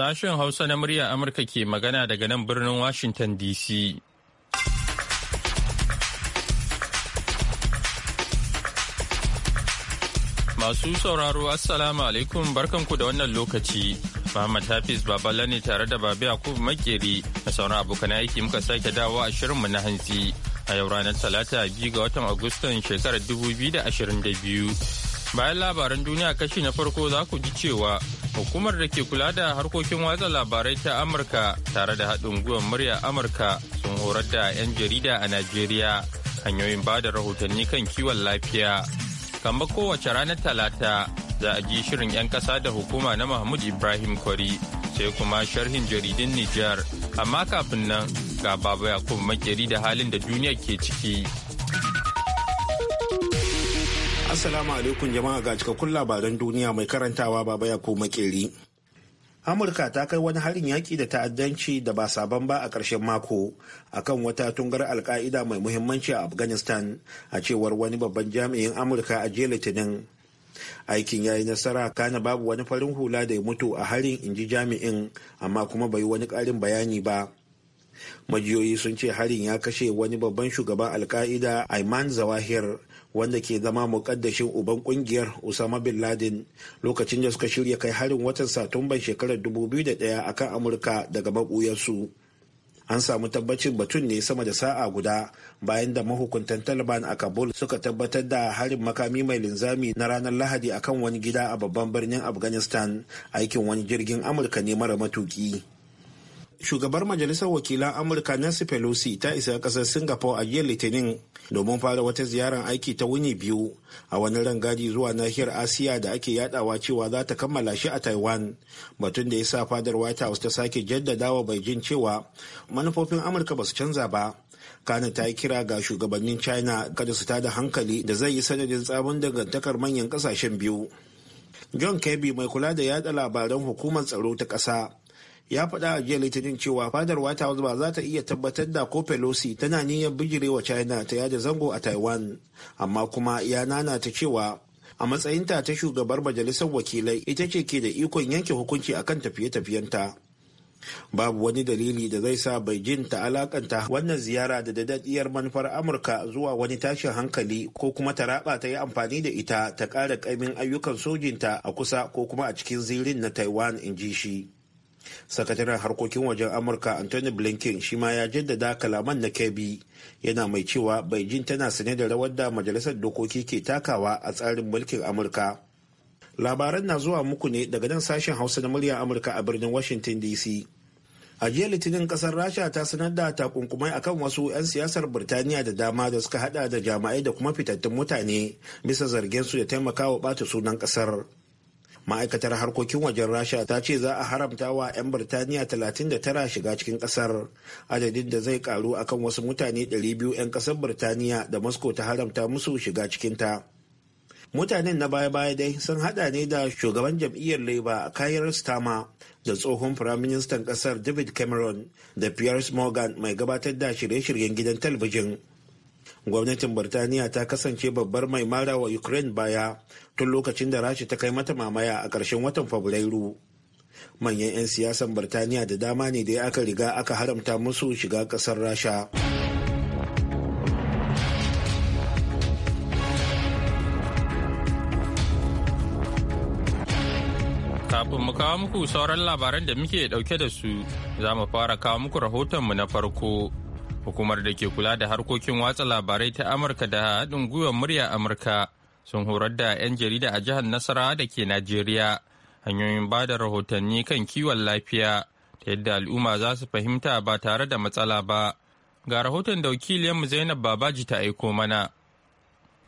Sashen Hausa na murya Amurka ke magana daga nan birnin Washington DC. Masu sauraro Assalamu alaikum barkanku da wannan lokaci. Muhammad Hafiz Baballa ne tare da Babi Yakub Makeri na sauran abokan aiki muka sake dawo a shirinmu na hantsi a yau ranar Talata biyu ga watan Agustan shekarar 2022. Bayan labaran duniya kashi na farko za ku ji cewa hukumar da ke kula da harkokin watsa labarai ta Amurka tare da haɗin gwiwar murya Amurka sun horar da 'yan jarida a Najeriya hanyoyin ba da rahotanni kan kiwon lafiya. Kamar kowace ranar Talata za a ji shirin 'yan ƙasa da hukuma na Mahmud Ibrahim Kwari sai kuma sharhin jaridin Nijar. Amma kafin nan ga Baba yakub Makeri da halin da duniya ke ciki. Assalamu alaikum jama'a ga cikakkun labaran duniya mai karantawa baba ya ko makeri. Amurka ta kai wani harin yaƙi da ta'addanci da ba sabon ba a ƙarshen mako akan wata tungar alka'ida mai muhimmanci a Afghanistan a cewar wani babban jami'in Amurka a jiya Litinin. Aikin ya yi nasara kana babu wani farin hula da ya mutu a harin in ji jami'in amma kuma bai wani ƙarin bayani ba. majiyoyi sun ce harin ya kashe wani babban shugaban alka'ida ayman zawahir wanda ke zama mukaddashin uban kungiyar Usama bin Laden lokacin da suka shirya kai harin watan Satumban shekarar 2001 kan Amurka daga maɓuyarsu. An samu tabbacin batun ne sama da sa'a guda bayan da mahukuntan Taliban a Kabul suka tabbatar da harin makami mai linzami na ranar Lahadi akan wani gida a babban birnin Afghanistan aikin wani jirgin Amurka ne mara matuki. shugabar majalisar wakilan amurka nancy pelosi ta isa kasar singapore a jiya litinin domin fara wata ziyarar aiki ta wuni biyu a wani rangadi zuwa nahiyar asiya da ake yadawa cewa za ta kammala shi a taiwan batun da ya sa fadar white house ta sake jaddadawa beijing cewa manufofin amurka ba su canza ba kana ta yi kira ga shugabannin china kada su tada hankali da zai yi sanadin tsabon dangantakar manyan kasashen biyu john kirby mai kula da yada labaran hukumar tsaro ta kasa. ya faɗa a jiya litinin cewa fadar white house ba za ta iya tabbatar da ko pelosi tana niyyar bijirewa china ta yada zango a taiwan amma kuma ya nana ta cewa a matsayinta ta shugabar majalisar wakilai ita ce ke da ikon yanke hukunci akan tafiye-tafiyenta babu wani dalili da zai sa beijing ta alakanta wannan ziyara da dadadiyar manufar amurka zuwa wani tashin hankali ko kuma ta raba ta yi amfani da ita ta kara ƙaimin ayyukan sojinta a kusa ko kuma a cikin zirin na taiwan in ji shi sakataren harkokin wajen amurka anthony blinken shi ma ya jaddada kalaman na kebi yana mai cewa beijing tana sane da rawar da majalisar dokoki ke takawa a tsarin mulkin amurka labaran na zuwa muku ne daga nan sashen hausa na muryar amurka a birnin washington dc a jiya litinin kasar rasha ta sanar da takunkumai akan wasu 'yan siyasar birtaniya da dama da suka hada da jama'ai da kuma fitattun mutane bisa zargin su da taimakawa bata sunan kasar ma'aikatar harkokin wajen rasha ta ce za a haramta wa 'yan birtaniya 39 shiga cikin kasar adadin da zai karu akan wasu mutane 200 'yan kasar birtaniya da moscow ta haramta musu shiga cikinta mutanen na baya-baya dai sun hada ne da shugaban jam'iyyar labour kayar stama da tsohon firaministan kasar david cameron da pierce morgan mai gabatar da shirye-shiryen gidan talabijin gwamnatin birtaniya ta kasance babbar mai mara wa ukraine baya tun lokacin da rashi ta kai mata mamaya a ƙarshen watan fabrairu manyan 'yan siyasan birtaniya da dama ne da aka riga aka haramta musu shiga ƙasar rasha kafin mu kawo muku sauran labaran da muke dauke da su za mu fara kawo muku rahotonmu na farko Hukumar da ke kula da harkokin watsa labarai ta Amurka da haɗin gwiwar murya Amurka sun horar da 'yan jarida a jihar nasara da ke Najeriya hanyoyin ba da rahotanni kan kiwon lafiya ta yadda al'umma za su fahimta ba tare da matsala ba. Ga rahoton da wakiliyanmu Zainab Babaji ta aiko mana.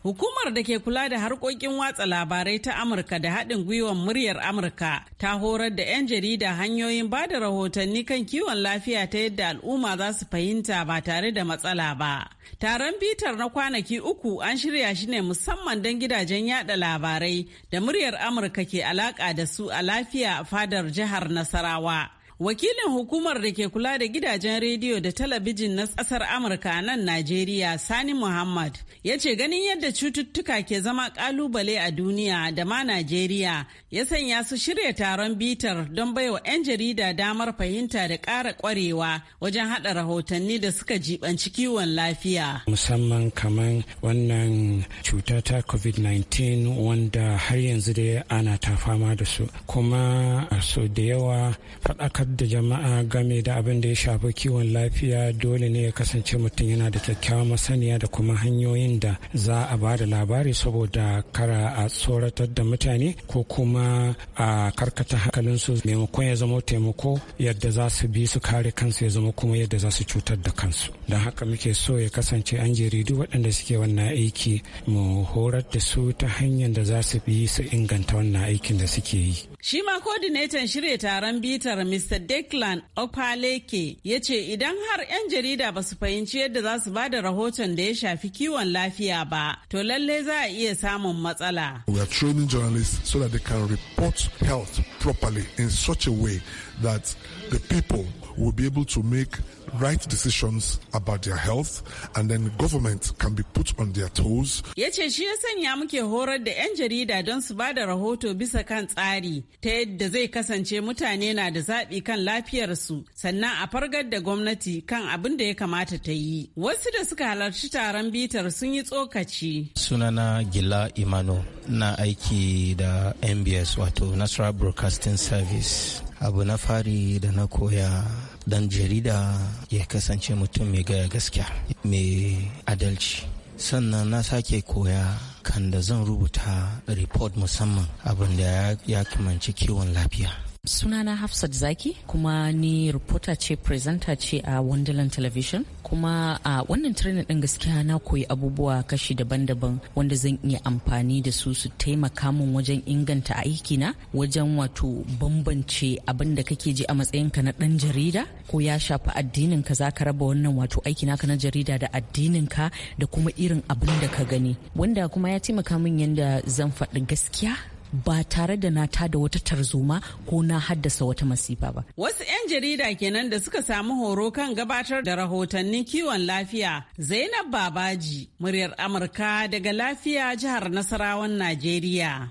Hukumar da ke kula da harkokin watsa labarai ta Amurka da haɗin gwiwar muryar Amurka ta horar da 'yan jarida hanyoyin ba da rahotanni kan kiwon lafiya ta yadda al'umma za su fahimta ba tare da matsala ba. Taron bitar na kwanaki uku an shirya shi ne musamman don gidajen yada labarai da muryar Amurka ke alaƙa da su a lafiya fadar jihar Nasarawa. Wakilin hukumar da ke kula da gidajen rediyo da talabijin na ƙasar Amurka nan Najeriya Sani Muhammad ya ce ganin yadda cututtuka ke zama ƙalubale a duniya da ma Najeriya ya sanya su shirya taron bitar don baiwa 'yan jarida damar fahimta da ƙara ƙwarewa wajen haɗa rahotanni da suka jibanci kiwon lafiya. Musamman kamar wannan cuta ta COVID-19 wanda har yanzu da ana ta fama da su kuma so da yawa faɗakar da jama'a game da abin da ya shafi kiwon lafiya dole ne ya kasance mutum yana da kyakkyawan masaniya da kuma hanyoyin da za a ba da labari saboda kara a tsoratar da mutane ko kuma a karkata hankalinsu maimakon ya zama taimako yadda za su bi su kare kansu ya zama kuma yadda za su cutar da kansu don haka muke so ya kasance an jaridu waɗanda suke wannan aiki mu horar da su ta hanyar da za su bi su inganta wannan aikin da suke yi Shi ma kodinetan shirya taron bitar Mr. Declan Opaleke ya ce idan har 'yan jarida ba su fahimci yadda za su ba da rahoton da ya shafi kiwon lafiya ba, to lalle za a iya samun matsala. We are training journalists so that they can report health properly in such a way that the people will be able to make right decisions about their health and then government can be put on their toes. Ya ce shi ya sanya muke horar da 'yan jarida don su ba da rahoto bisa kan tsari ta yadda zai kasance mutane na da zaɓi kan lafiyarsu sannan a fargar da gwamnati kan abin da ya kamata ta yi. Wasu da suka halarci taron bitar sun yi tsokaci. Sunana Gila Imano na aiki da NBS wato National Broadcasting Service. abu na fari da na koya dan jarida ya kasance mutum mai gaya gaskiya mai adalci sannan na sake koya kan da zan rubuta report musamman abin da ya kimanci kiwon lafiya Sunana Hafsat Zaki kuma ni reporter ce presenter ce a Wonderland Television kuma a wannan training din gaskiya na koyi abubuwa kashi daban-daban wanda zan iya amfani da su su taimaka min wajen inganta aikina wajen wato bambance abin da kake ji a matsayin ka na dan jarida ko ya shafi addinin ka za ka raba wannan wato aiki naka na jarida da addinin ka da kuma irin abin da ka gani wanda kuma ya taimaka min yanda zan faɗi gaskiya ba tare da na tada wata tarzoma ko na haddasa wata masifa ba. Wasu 'yan jarida kenan da suka samu horo kan gabatar da rahotannin kiwon lafiya Zainab Babaji muryar Amurka daga lafiya jihar Nasarawan Najeriya.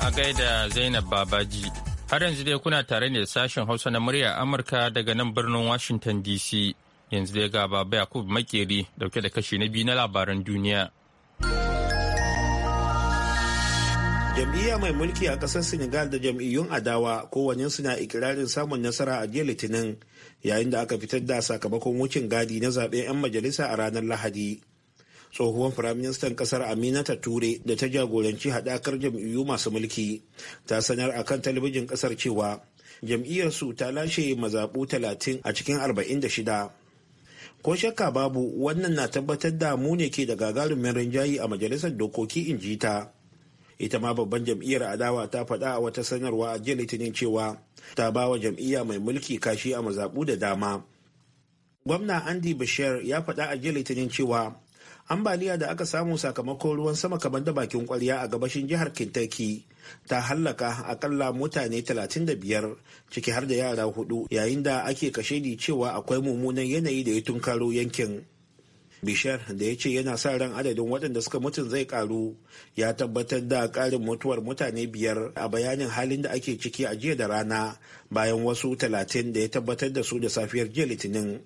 A gaida Zainab Babaji. Har yanzu dai kuna tare ne da sashen Hausa na murya Amurka daga nan birnin Washington DC. yanzu dai ga baba yakub makeri dauke da kashi na biyu na labaran duniya jam'iyya mai mulki a ƙasar senegal da jam'iyyun adawa kowanne na ikirarin samun nasara a jiya litinin yayin da aka fitar da sakamakon wucin gadi na zaɓen 'yan majalisa a ranar lahadi tsohuwan firaministan kasar aminata ture da ta jagoranci haɗakar jam'iyyu masu mulki ta sanar a kan talabijin ƙasar cewa jam'iyyarsu ta lashe mazaɓu 30 a cikin 46 ko shakka babu wannan na tabbatar da mu ne ke da gagarumin rinjayi a majalisar dokoki in ji ta ita ma babban jam'iyyar adawa ta faɗa a wata sanarwa a jiya litinin cewa ta ba wa jam'iyya mai mulki kashi a mazaɓu da dama gwamna andy bashir ya faɗa a jiya litinin cewa ambaliya da aka samu sakamakon ruwan sama kamar da bakin kwarya a gabashin jihar Kentucky ta hallaka akalla mutane 35 ciki har da yara hudu yayin da ake kashe ni cewa akwai mummunan yanayi da ya tunkaro yankin. Bishar da ya ce yana sa ran adadin waɗanda suka mutu zai karu ya tabbatar da ƙarin mutuwar mutane biyar a bayanin halin da ake ciki a jiya da rana bayan wasu talatin da ya tabbatar da su da safiyar jiya litinin.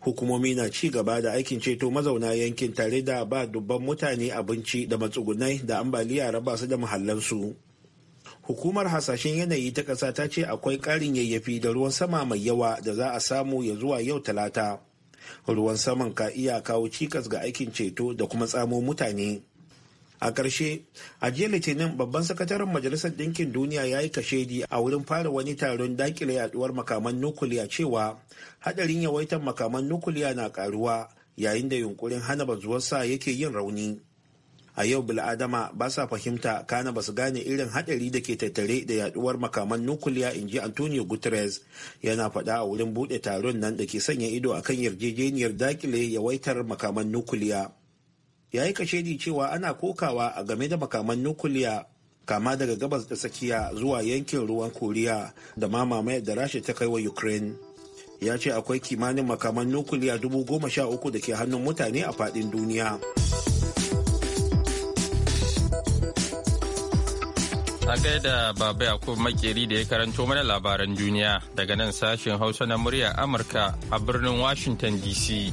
hukumomi na ci gaba da aikin ceto mazauna yankin tare da ba dubban mutane abinci da matsugunai da ambaliya raba su da muhallansu hukumar hasashen yanayi ta ƙasa ta ce akwai ƙarin yayyafi da ruwan sama mai yawa da za a samu ya zuwa yau talata ruwan saman ka iya kawo cikas ga aikin ceto da kuma tsamo mutane a ƙarshe a jiya litinin babban sakataren majalisar ɗinkin duniya ya yi kashedi a wurin fara wani taron dakile yaduwar makaman nukuliya cewa haɗarin yawaitar makaman nukuliya na ƙaruwa yayin da yunkurin hana bazuwarsa yake yin rauni a yau bil'adama ba sa fahimta kana ba su gane irin haɗari da ke tattare da yaduwar makaman nukuliya in ji antonio guterres yana faɗa a wurin buɗe taron nan da ke sanya ido akan yarjejeniyar dakile yawaitar makaman nukuliya ya yi kashedi cewa ana kokawa a game da makaman nukuliya kama daga gabas da tsakiya zuwa yankin ruwan koriya da ma mamayar da rasha ta kai wa ukraine ya ce akwai kimanin makaman nukuliya dubu goma sha uku da ke hannun mutane a fadin duniya a da baba yakub makeri da ya karanto mana labaran duniya daga nan sashen hausa na murya amurka a birnin washington dc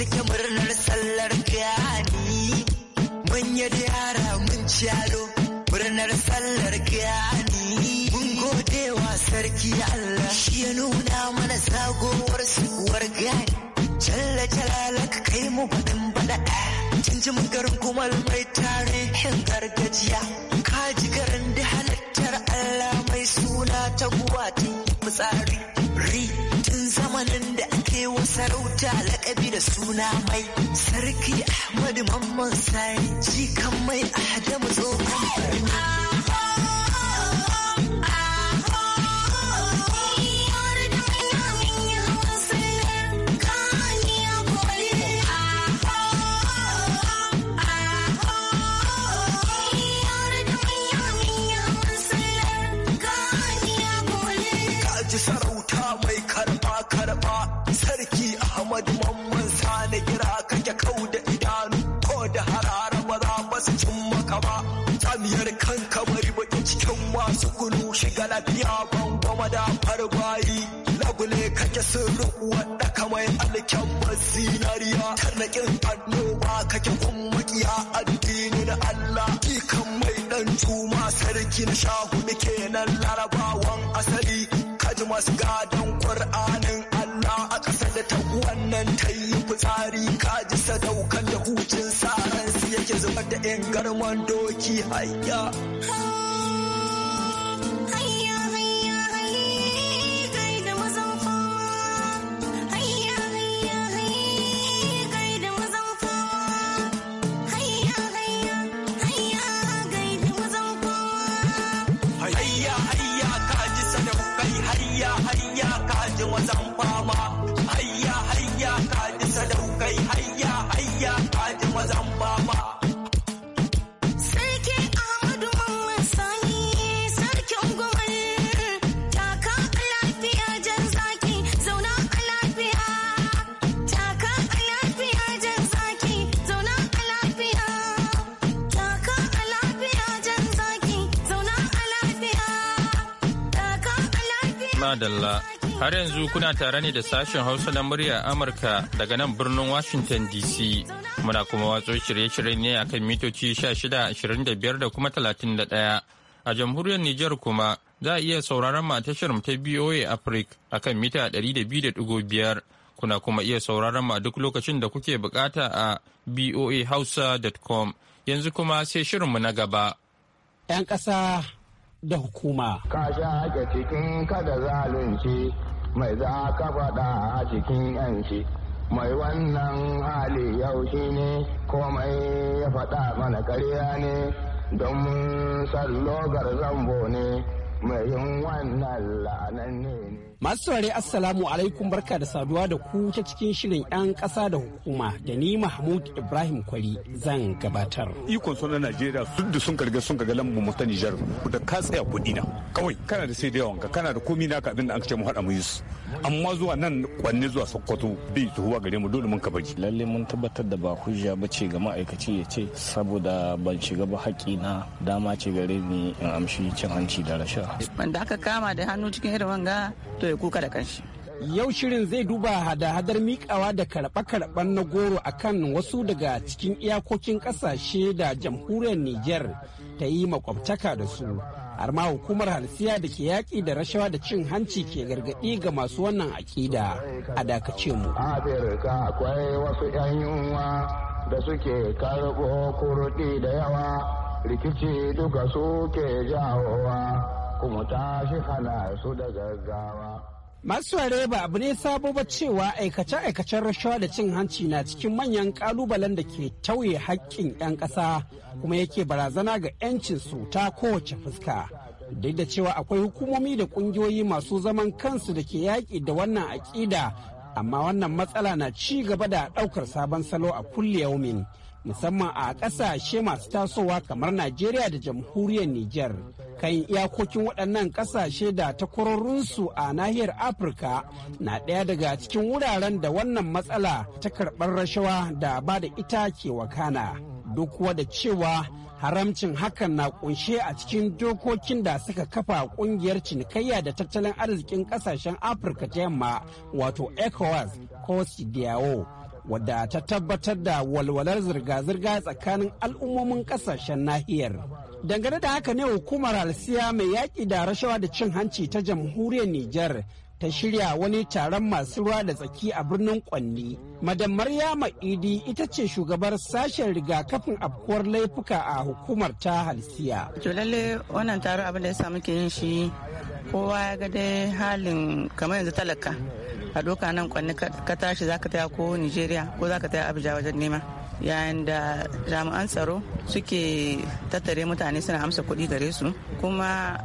cikin murnar sallar gani mun yi yara mun ciyaro murnar sallar gani mun gode wa sarki Allah shi ya nuna mana zagowar suwar gani jalla jalalaka kai mu baɗin baɗa mun garin kuma mai tarihin gargajiya kaji garin da halittar Allah mai suna ta guwa ta fitsari sarauta lakabi da suna mai sarki ahmadu mamman sai kan mai ahmadu lafiya bango da farbayi lagule kake sirri wadda mai alkyan zinariya tarnakin annoba kake addini addinin Allah ikan mai dan tuma sarki na hudu kenan larabawan asali kaji gadon qur'anin Allah a ƙasar da ta wannan ta yi fitsari kaji sadaukar da hucin sa yake zubar da 'yan garman doki hayya. Har yanzu kuna tare ne da sashen Hausa na murya Amurka daga nan birnin Washington DC. Muna kuma watso shirye-shirye ne a kan mitoci 1625 da kuma 31. A jamhuriyar Nijar kuma za a iya sauraron matashar ta BOA Africa a kan mita 200.5. Kuna kuma iya sauraron ma duk lokacin da kuke bukata a boahausa.com. Yanzu kuma sai shirinmu na gaba. 'Yan ƙasa da hukuma. Ka shaƙe cikin kada zalunci mai za ka faɗa a cikin yanci. Mai wannan hali shi ne komai ya faɗa mana karya ne don mun sallogar zambo ne mai yin wannan la'anan ne. Masu saurare Assalamu alaikum barka da saduwa da ku ta cikin shirin 'yan kasa da hukuma da ni Mahmud Ibrahim kwali zan gabatar. Ikon sunan Najeriya duk da sun karga sun kaga lambu mu Nijar da ka tsaya kuɗi na kawai kana da sai da yawanka kana da komi naka abin da an ce mu haɗa mu amma zuwa nan kwanne zuwa Sokoto bai tuhuwa gare mu dole mun ka lallai Lalle mun tabbatar da ba hujja ba ce ga ma'aikaci ya ce saboda ban shiga ba haƙi na dama ce gare ni in amshi cin hanci da rasha. Wanda aka kama da hannu cikin irin wanga to ya kuka da kanshi yau shirin zai duba hada-hadar mikawa da karɓe-karɓen na goro a kan wasu daga cikin iyakokin ƙasashe da jamhuriyar nijar ta yi makwabtaka da su har ma hukumar halsiya da ke yaƙi da rashawa da cin hanci ke gargaɗi ga masu wannan aƙida a dakace mu akwai wasu 'yan yunwa da suke karɓo kurɗi da yawa rikici duka suke jawowa kuma shi hana su da gaggawa. Masu ba abu ne sabo ba cewa aikace-aikacen rashawa da cin hanci na cikin manyan kalubalen da ke tauye haƙƙin 'yan ƙasa kuma yake barazana ga 'yancin su ta kowace fuska. Duk da cewa akwai hukumomi da ƙungiyoyi masu zaman kansu da ke yaƙi da wannan aƙida amma wannan matsala na ci gaba da ɗaukar sabon salo a kulle yaumin. musamman a ƙasashe masu tasowa kamar Najeriya da jamhuriyar Nijar kan iyakokin waɗannan ƙasashe da takwarorinsu a nahiyar Afirka na ɗaya daga cikin wuraren da wannan matsala ta karɓar rashawa da ba da ita ke wakana duk wada cewa haramcin hakan na kunshe a cikin dokokin da suka kafa kungiyar cinikayya da tattalin arzikin ƙasashen afirka ta yamma wato ecowas ko sidiyawo wadda ta tabbatar da walwalar zirga-zirga tsakanin al'ummomin kasashen nahiyar. Dangane da haka ne hukumar halsiya mai yaƙi da rashawa da cin hanci ta jamhuriyar Nijar ta shirya wani taron masu ruwa da tsaki a birnin Kwanni. Madam Maryama Idi ita ce shugabar sashen rigakafin afkuwar laifuka a hukumar ta halsiya. To lalle wannan taron abin da ya samu ke yin shi kowa ya ga dai halin kamar yanzu talaka. a doka nan kwanne ka tashi zaka taya ko nigeria ko zaka taya abuja wajen nema yayin da jami'an tsaro suke tattare mutane suna amsa kuɗi gare su kuma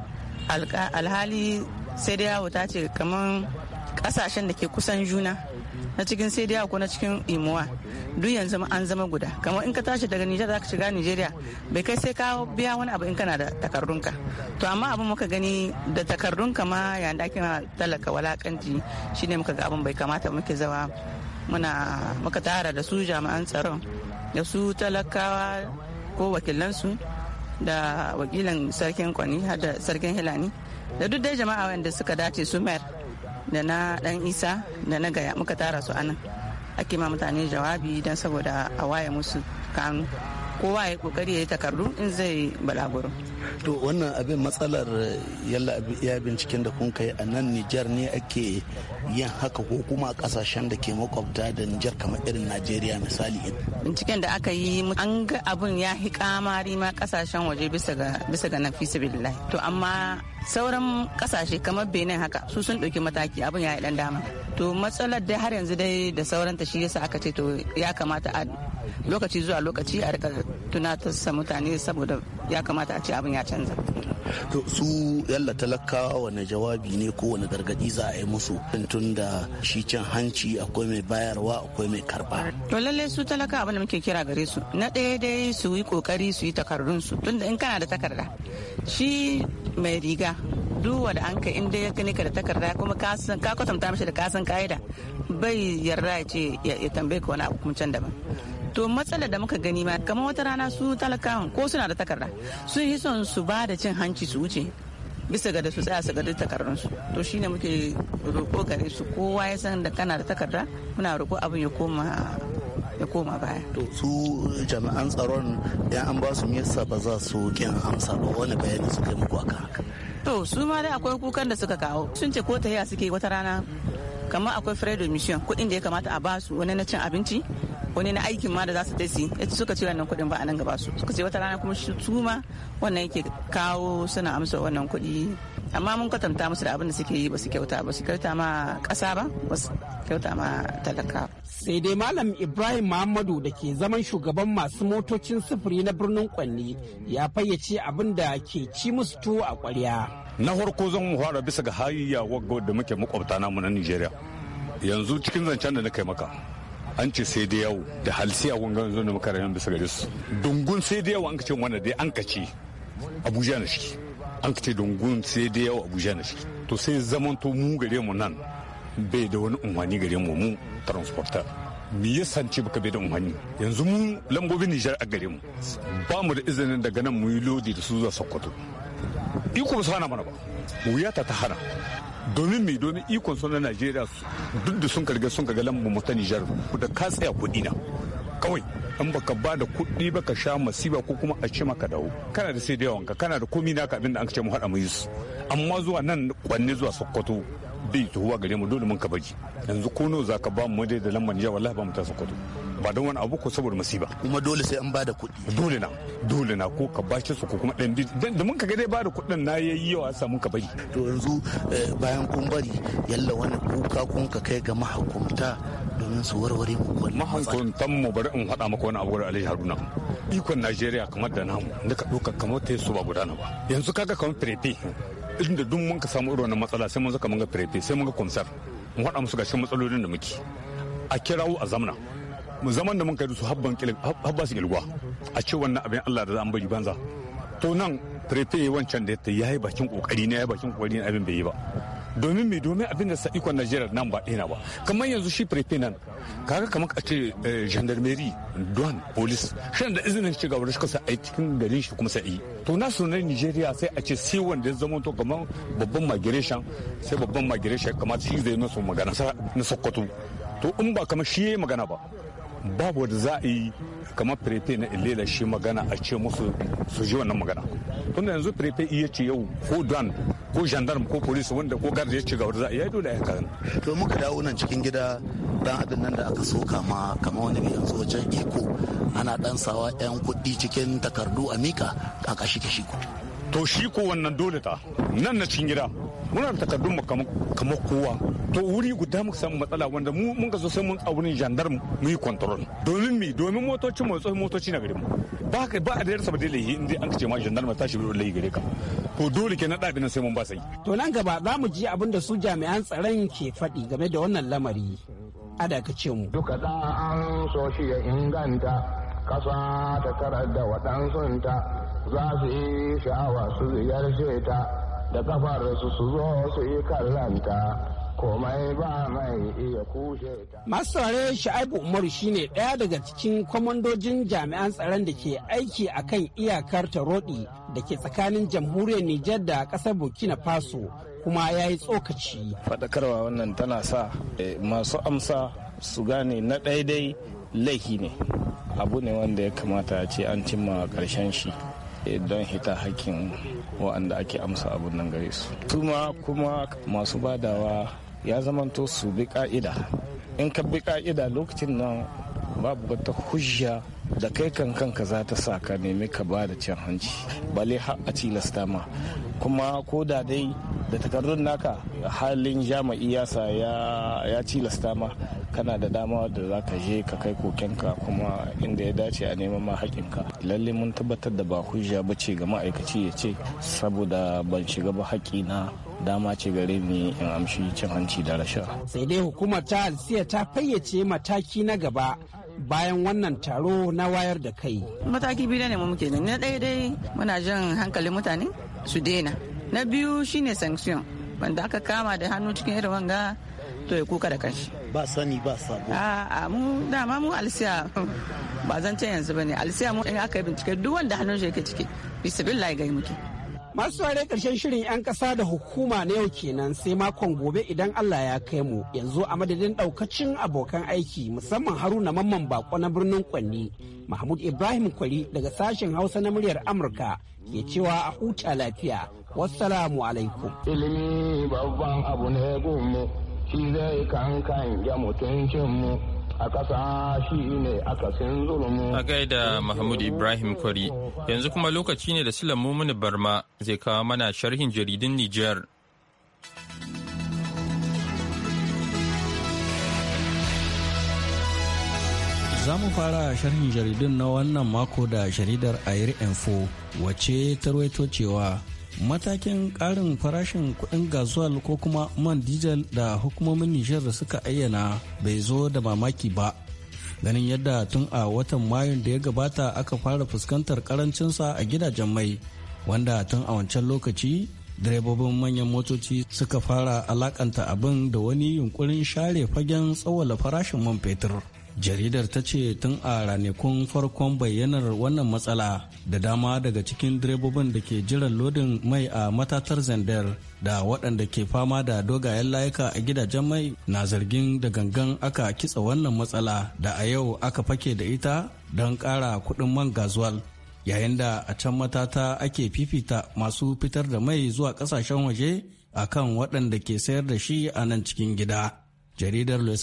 alhali sai dai yawo ta ce kamar kasashen da ke kusan juna na cikin dai ko na cikin imuwa duk yanzu an zama guda kamar in ka tashi daga nijar za ka shiga nijeriya bai kai sai ka biya wani abu in kana da takardunka to amma abin muka gani da takardunka ma yayin da ake talaka walakanci shine muka ga abin bai kamata muke zawa muna muka tara da su jami'an tsaron da su talakawa ko wakilansu da wakilan sarkin kwani har da sarkin hilani da duk dai jama'a wanda suka dace su mayar da na dan isa da na gaya muka tara su anan ake ma mutane jawabi don saboda a waye musu kanu kowa ya kokari ya yi takardu in zai balaguro to wannan abin matsalar eh, yalla ya binciken da kun kai a nan nijar ne ake yin haka ko kuma kasashen da ke makwabta da nijar kamar irin najeriya misali binciken da aka yi an ga abin ya hi kamari ma kasashen waje bisa ga nafisa billahi to amma sauran kasashe kamar benin haka su sun ɗauki mataki abin ya yi dan dama to matsalar da har yanzu dai da sauranta shi yasa aka ce to ya kamata a lokaci zuwa lokaci a rika tunatarsa mutane saboda ya kamata a ce abin ya canza to su yalla talakawa wani jawabi ne ko wani gargadi za a yi musu tun da shi cin hanci akwai mai bayarwa akwai mai karba to lallai su talaka abin da muke kira gare su na ɗaya dai su yi kokari su yi takardun su da in kana da takarda shi mai riga duk da an ka inda ya kani ka da takarda kuma ka ka kwatanta mashi da kasan ka'ida bai yarda ya ce ya tambaye ka wani abu kuma can daban to matsalar da muka gani ma kamar wata rana su talakawan ko suna da takarda sun yi son su ba da cin hanci su wuce bisa ga da su tsaya su ga duk takardunsu to shine muke roƙo gare su kowa ya san da kana da takarda muna roƙo abin ya koma ya koma baya. To su jami'an tsaron ya an ba su miyasa ba za su kin amsa ba wani bayani suka yi muku akan haka. To su ma dai akwai kukan da suka kawo sun ce ko tahiya suke wata rana kamar akwai fredo mission kudin da ya kamata a basu wani na cin abinci wani na aikin ma da za su ta su eh, suka ce wannan kuɗin ba a nan gaba su suka ce wata rana kuma su ma wannan yake kawo suna amsa wannan kuɗi amma mun kwatanta musu da abin da suke yi ba su kyauta ba su kyauta ma ƙasa ba ba su kyauta ma talaka. sai dai malam ibrahim muhammadu da ke zaman shugaban masu motocin sufuri na birnin kwanne ya fayyace abin da ke ci musu tuwo a kwarya. na farko zan mu fara bisa ga hayayya wagga da muke makwabta namu na nigeria yanzu cikin zancen da na kai maka an ce sai da yau da halsi a gungun zuwa makarar bisa gare su dungun sai da yau an kace wanda dai an kace abuja na shi an kace dungun sai da yau abuja na shi to sai zamanto mu gare mu nan bai da wani umarni gare mu mu transporter me ya sanci baka bai da umarni yanzu mu lambobin nijar a gare mu ba mu da izinin daga nan mu yi lodi da su zuwa sokoto iko ba su hana mana ba wuya ta hana domin mai domin ikon su najeriya duk da sun karga sun karga lambu mu nijar da ka tsaya kuɗi na kawai in baka ba da kuɗi baka sha masiba ko kuma a ce maka dawo kana da sai da yawanka kana da komi naka abinda an ce mu haɗa mu su amma zuwa nan kwanne zuwa sokoto bai tuhuwa gare mu dole mun ka bari yanzu ko nawa ka ba mu dai da lambar nijar wallahi ba mu ta sokoto ba don wani abu ko saboda masiba. kuma dole sai an bada kuɗi dole na dole na ko ka bashi su ko kuma ɗan da mun ka ga dai bada kuɗin na yayi yawa sa mun ka bari to yanzu eh, bayan kun bari yalla wani kuka kun ka kai ga mahakumta domin su warware muku wani mahakumtan mu bari in faɗa maka wani abu da Alhaji Haruna ikon Najeriya kamar da namu da ka ɗauka kamar ta su ba gudana ba yanzu kaga kamar prepe inda duk mun ka samu irin matsala sai mun zaka mun ga prepe sai mun ga komisar mu faɗa musu gashin matsalolin da muke a kirawo a zamna mu zaman da mun kai su habban habba su gilgwa a ce wannan abin Allah da za an bari banza to nan prefe wancan da ya yi bakin kokari ne ya bakin kokari abin bai yi ba domin me domin abin da ikon najeriya nan ba ɗaya ba kamar yanzu shi prefe nan kaga kamar a ce eh, gendarmerie don police shan da izinin shi gabar shi kasa ai cikin garin shi kuma sai yi to na sunan Najeriya sai a ce sai wanda ya zama to kamar babban migration sai babban migration kamar shi zai nasu magana na sokoto to in ba kamar shi ya yi magana ba babu wanda za a yi kamar prefe na ilela shi magana a ce musu su ji wannan magana tunda yanzu prefe iya ce yau ko don ko jandarm ko polisi wanda ko garda ya ce ga wanda za a yi dole a kan to muka dawo nan cikin gida dan abin nan da aka soka ma kamar wani mai yanzu wajen iko ana dan sawa yan kuɗi cikin takardu a mika a kashi kashi to shi ko wannan dole ta nan na cikin gida muna da takardun kamar kowa to wuri guda muka samu matsala wanda mu mun ga sosai mun tsaurin gendarme mu yi control domin mi domin motocin mu tsohon motoci na gari mu ba ka ba a da yarsa ba dai in dai an kace ma gendarme ta shi lahi gare ka to dole ke na dabi nan sai mun ba sai to nan gaba za mu ji abin da su jami'an tsaron ke faɗi game da wannan lamari a da ka ce mu duka ɗan an so shi ya inganta ƙasa ta karar da waɗansunta za su yi sha'awa su ziyarce ta da kafar su su zo su yi kallanta komai ba mai iya kushe ta. Masu saurare Sha'ibu Umaru shine ɗaya daga cikin kwamandojin jami'an tsaron da ke aiki a kan iyakar roɗi da ke tsakanin jamhuriyar Nijar da ƙasar Burkina Faso kuma ya yi tsokaci. Faɗakarwa wannan tana sa eh, masu amsa su gane na ɗaiɗai laifi ne. abu ne wanda ya kamata a ce an cimma karshen shi eh, don hita hakkin wa'anda ake amsa abun nan gare su tuma kuma masu badawa ya zamanto su bi ka'ida in ka bi ka'ida lokacin nan babu wata hujja da kai kan kanka za ta sa ka nemi ka ba da cin hanci bale har a tilasta ma kuma ko da dai da takardun naka halin jami'i yasa ya tilasta ma kana da dama da za ka je ka kai kokenka kuma inda ya dace a neman ma haƙinka lalle mun tabbatar da ba hujja ba ce ga ma'aikaci ya ce saboda ban shiga ba na dama ce gare ni in amshi cin hanci da rasha sai dai hukumar ta alsiya ta fayyace mataki na gaba bayan wannan taro na wayar da kai mataki biyu ne mu muke na ɗaya dai muna jan hankalin mutane su daina na biyu shine sanction wanda aka kama da hannu cikin irin wanga to ya kuka da kanshi ba sani ba sabo a mu dama mu alsiya ba zan ce yanzu bane alsiya mu in aka yi bincike duk wanda hannun shi yake ciki bisbillah ga muke Masu ware karshen shirin 'yan ƙasa da hukuma na yau kenan sai makon gobe idan Allah ya kai mu yanzu a madadin ɗaukacin abokan aiki musamman haruna mamman bako na birnin kwanni Mahmud Ibrahim Kwari daga sashen Hausa na muryar Amurka ke cewa a huta lafiya. Wassalamu alaikum. Ilimi babban abu ne gumu shi zai kankan ya mutuncinmu. a ƙasa shi ne akasin zulumu. A gaida Mahmud Ibrahim Kwari, yanzu kuma lokaci ne da silan Mumuni Barma zai kawo mana sharhin jaridun Nijar. Za mu fara sharhin jaridun na wannan mako da jaridar Air Info wace ta cewa matakin ƙarin farashin kuɗin gasuwal ko kuma man dijal da hukumomin nijar da suka ayyana bai zo da mamaki ba ganin yadda tun a watan mayun da ya gabata aka fara fuskantar karancinsa a gidajen mai wanda tun a wancan lokaci direbobin manyan motoci suka fara alakanta abin da wani yunkurin share fagen tsawala farashin man fetur jaridar ta ce tun a ranakun farkon bayyanar wannan matsala da dama daga cikin direbobin da ke jiran lodin mai a matatar zandar da waɗanda ke fama da dogayen layuka a gidajen mai na zargin da gangan aka kitsa wannan matsala da a yau aka fake da ita don ƙara kuɗin man gazuwal yayin da a can matata ake fifita masu fitar da mai zuwa ƙasashen waje a kan waɗanda ke sayar da shi a nan cikin gida. Jaridar Le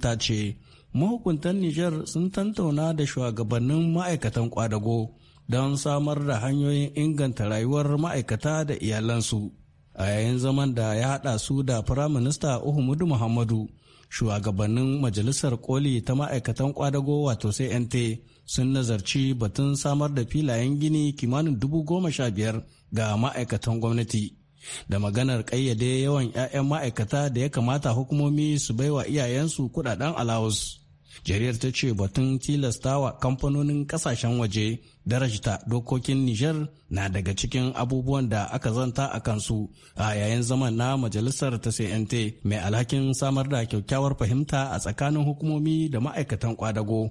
ta ce mahukuntan Nijar sun tantauna da shugabannin ma'aikatan kwadago don samar da hanyoyin inganta rayuwar ma'aikata da iyalansu. A yayin zaman da ya haɗa su da Firaminista Uhumudu Muhammadu, shugabannin Majalisar Koli ta ma'aikatan kwadago wato CNT sun nazarci batun samar da filayen gini kimanin dubu goma sha biyar ga ma'aikatan gwamnati. da maganar ƙayyade yawan 'ya'yan ma'aikata da ya kamata hukumomi su baiwa iyayensu kudaden alawus Jariyar ta ce batun tilastawa kamfanonin kasashen waje darajta dokokin Nijar na daga cikin abubuwan da aka zanta a kansu a yayin zaman na majalisar ta CNT mai alhakin samar da kyakkyawar fahimta a tsakanin hukumomi da ma'aikatan kwadago.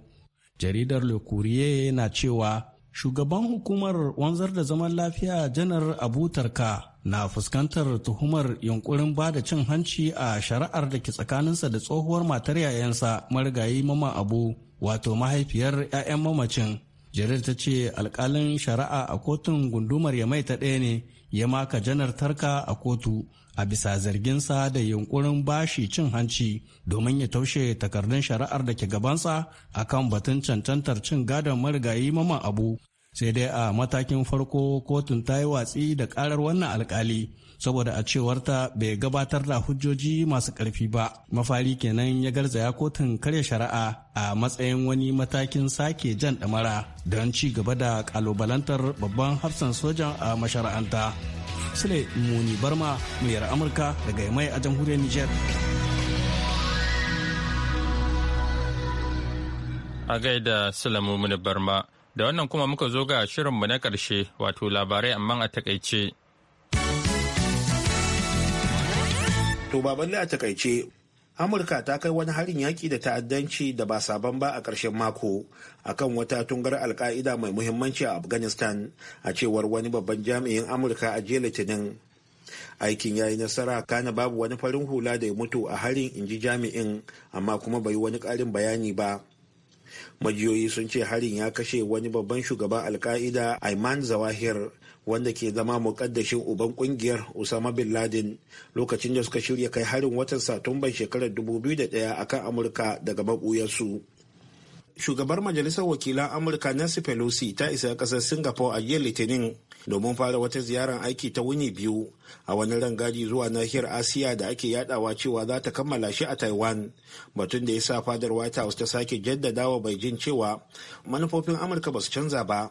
Jaridar Le na cewa shugaban hukumar wanzar da zaman lafiya janar abu tarka na fuskantar tuhumar yunkurin ba da cin hanci a shari'ar da ke tsakaninsa da tsohuwar matar yayansa marigayi mama abu wato mahaifiyar 'ya'yan mamacin jarir ta ce alkalin shari'a a kotun gundumar ya mai ta ɗaya ne ya maka janar tarka a kotu a bisa zargin sa da yunkurin bashi cin hanci domin ya taushe takardun shari'ar da ke gabansa a kan batun cancantar cin gadon marigayi maman abu sai dai a matakin farko kotun ta yi watsi da karar wannan alkali saboda a cewarta bai gabatar da hujjoji masu karfi ba mafari kenan ya garzaya kotun karya shari'a a matsayin wani matakin sake jan ɗamara don ci gaba da ƙalubalantar babban hafsan sojan a mashara'anta. Sule Muni Barma muliyar Amurka daga Yamai a jamhuriyar niger. A gaida Sule Muni Barma, da wannan kuma muka zo ga shirinmu na karshe wato labarai amma a takaice. To a takaice amurka ta kai wani harin yaƙi da ta'addanci da ba sabon ba a ƙarshen mako akan wata tungar alka'ida mai muhimmanci a afghanistan a cewar wani babban jami'in amurka a jiya litinin aikin ya yi nasara kana babu wani farin hula da ya mutu a harin in ji jami'in amma kuma bai wani ƙarin bayani ba majiyoyi sun ce harin ya kashe wani babban shugaban alka'ida ayman zawahir wanda ke zama muƙaddashin uban ƙungiyar Usama bin Laden lokacin da suka shirya kai harin watan Satumban shekarar 2001 kan Amurka daga maɓuyarsu. shugabar majalisar wakilan amurka nancy pelosi ta isa ƙasar singapore a jiya litinin domin fara wata ziyarar aiki ta wuni biyu a wani rangadi zuwa nahiyar asiya da ake yadawa cewa za ta kammala shi a taiwan batun da ya sa fadar white house ta sake jaddadawa beijing cewa manufofin amurka ba su canza ba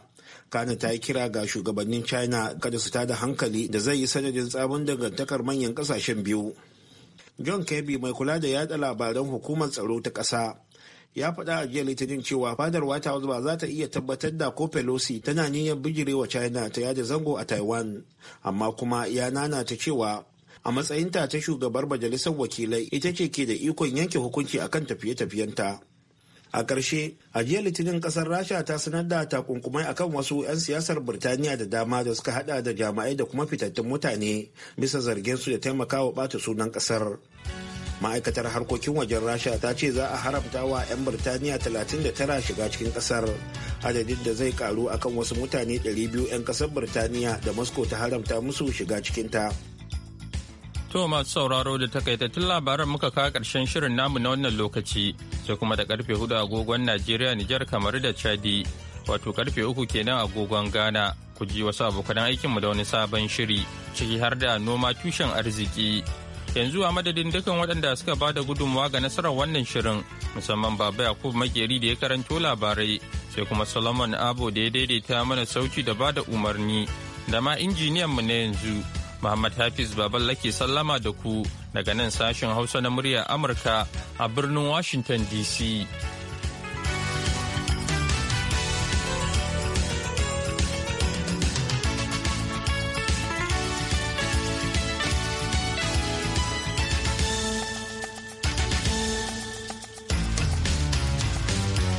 kana ta yi kira ga shugabannin china kada su tada hankali da zai yi sanadin tsabon dangantakar manyan kasashen biyu john kirby mai kula da yada labaran hukumar tsaro ta ƙasa ya faɗa a jiya litinin cewa fadar white house ba za ta iya tabbatar da ko pelosi tana niyyar bijirewa china ta yada zango a taiwan amma kuma ya nana ta cewa a matsayinta ta shugabar majalisar wakilai ita ce ke da ikon yanke hukunci akan tafiye-tafiyenta a ƙarshe a jiya litinin ƙasar rasha ta sanar da takunkumai akan wasu 'yan siyasar birtaniya da dama da suka hada da jama'ai da kuma fitattun mutane bisa zargin su da taimakawa ɓata sunan ƙasar ma'aikatar harkokin wajen rasha ta ce za a haramta wa 'yan birtaniya 39 shiga cikin ƙasar adadin da zai karu akan wasu mutane 200 'yan ƙasar birtaniya da moscow ta haramta musu shiga cikinta. ta To masu sauraro da tun labaran muka kawo karshen shirin namu na wannan lokaci sai kuma da karfe hudu agogon Najeriya Nijar kamar da Chadi wato karfe uku kenan agogon Ghana ku ji wasu abokan aikinmu da wani sabon shiri ciki har da noma tushen arziki. Yanzu a madadin dukan waɗanda suka ba da gudunmawa ga nasarar wannan shirin musamman Baba Yakubu Makeri da ya karanto labarai sai kuma Solomon Abo da ya daidaita mana sauci da ba da umarni da ma injiniyan mu na yanzu. Muhammad Hafiz Baballa ke sallama da ku daga nan sashen Hausa na muryar Amurka a birnin Washington DC.